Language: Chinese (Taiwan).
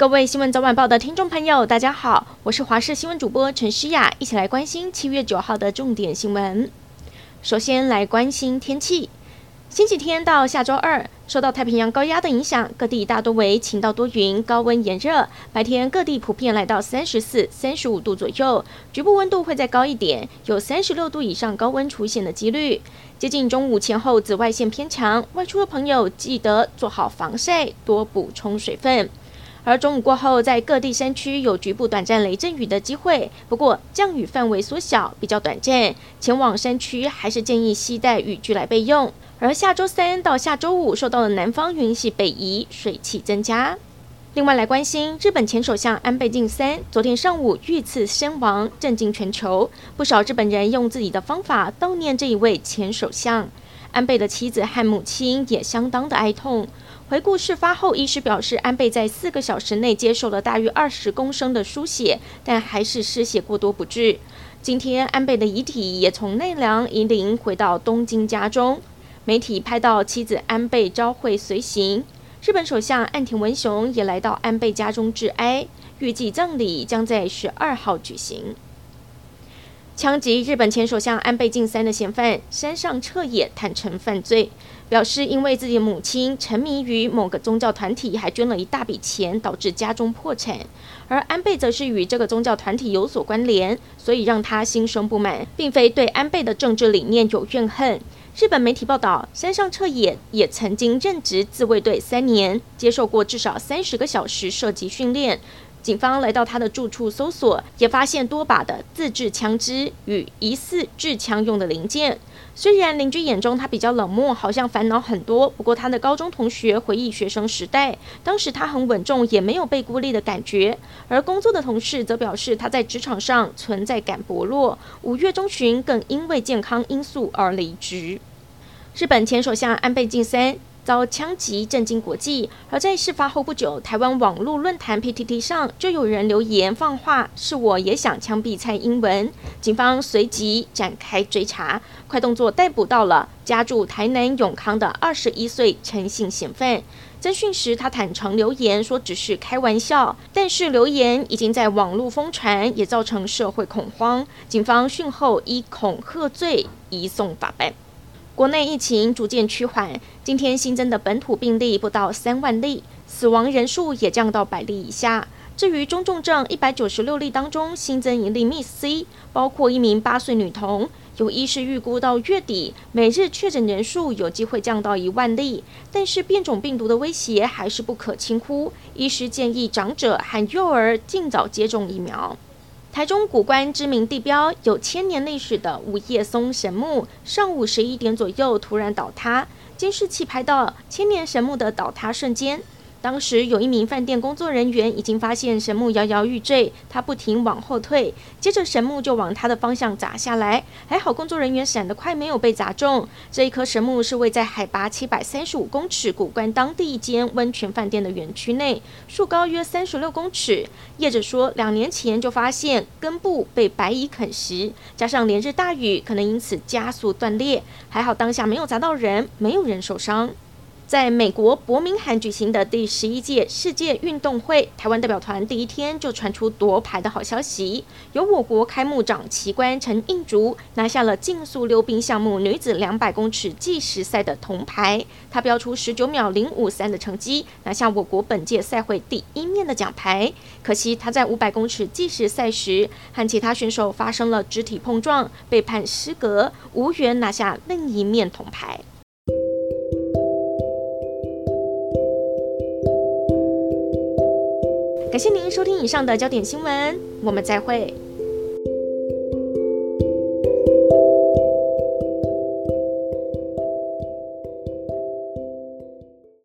各位新聞早晚報的聽眾朋友，大家好，我是華視新聞主播陳詩雅，一起來關心七月九號的重點新聞。首先來關心天氣，星期天到下週二，受到太平洋高壓的影響，各地大多為晴到多雲，高溫炎熱，白天各地普遍來到三十四、三十五度左右，局部溫度會再高一點，有三十六度以上高溫出現的幾率。接近中午前後，紫外線偏強，外出的朋友記得做好防曬，多補充水分。而中午過後，在各地山區有局部短暫雷陣雨的機會，不過降雨範圍縮小，比較短暫。前往山區還是建議攜帶雨具來備用。而下周三到下周五，受到了南方雲系北移，水汽增加。另外來關心，日本前首相安倍晉三昨天上午遇刺身亡，震驚全球。不少日本人用自己的方法悼念這一位前首相。安倍的妻子和母親也相當的哀痛。回顧事發後，醫師表示，安倍在四個小時內接受了大約二十公升的輸血，但還是失血過多不治。今天，安倍的遺體也從奈良移靈回到東京家中，媒體拍到妻子安倍昭惠隨行。日本首相岸田文雄也來到安倍家中致哀，預計葬禮將在十二號舉行。槍擊日本前首相安倍晉三的嫌犯山上徹也坦承犯罪，表示因為自己的母親沉迷於某個宗教團體，還捐了一大筆錢，導致家中破產。而安倍則是與這個宗教團體有所關聯，所以讓他心生不滿，並非對安倍的政治理念有怨恨。日本媒體報道，山上徹也也曾經任職自衛隊三年，接受過至少三十個小時射擊訓練。警方來到他的住處搜索，也發現多把的自制槍支與疑似製槍用的零件。雖然鄰居眼中他比較冷漠，好像煩惱很多，不過他的高中同學回憶學生時代，當時他很穩重，也沒有被孤立的感覺。而工作的同事則表示，他在職場上存在感薄弱。五月中旬更因為健康因素而離職。日本前首相安倍晉三，遭槍擊震驚國際，而在事發後不久，台灣網絡論壇 PTT 上就有人留言放話：“是我也想槍斃蔡英文。”警方隨即展開追查，快動作逮捕到了家住台南永康的21歲陳姓嫌犯。偵訊時，他坦承留言說只是開玩笑，但是留言已經在網絡瘋傳，也造成社會恐慌。警方訊後依恐嚇罪移送法辦。國內疫情逐漸趨緩，今天新增的本土病例不到三萬例，死亡人數也降到百例以下。至於中重症一百九十六例當中新增一例 MIS-C，包括一名八歲女童。有醫師預估到月底每日確診人數有機會降到一萬例，但是變種病毒的威脅還是不可輕忽。醫師建議長者和幼兒儘早接種疫苗。台中谷關知名地標、有千年歷史的五葉松神木，上午十一點左右突然倒塌，監視器拍到千年神木的倒塌瞬間。當時有一名飯店工作人員已經發現神木搖搖欲墜，他不停往後退，接着神木就往他的方向砸下來。還好工作人員閃得快，沒有被砸中。這一棵神木是位在海拔七百三十五公尺谷關當地一間溫泉飯店的園區內，樹高約三十六公尺。業者說，兩年前就發現根部被白蟻啃食，加上連日大雨，可能因此加速斷裂。還好當下沒有砸到人，沒有人受傷。在美國伯明翰舉行的第十一屆世界運動會，台灣代表團第一天就傳出奪牌的好消息。由我國開幕掌旗官陳映竹拿下了競速溜冰項目女子兩百公尺計時賽的銅牌，她標出十九秒零五三的成績，拿下我國本屆賽會第一面的獎牌。可惜她在五百公尺計時賽時和其他選手發生了肢體碰撞，被判失格，無緣拿下另一面銅牌。感謝您收聽以上的焦點新聞，我們再會。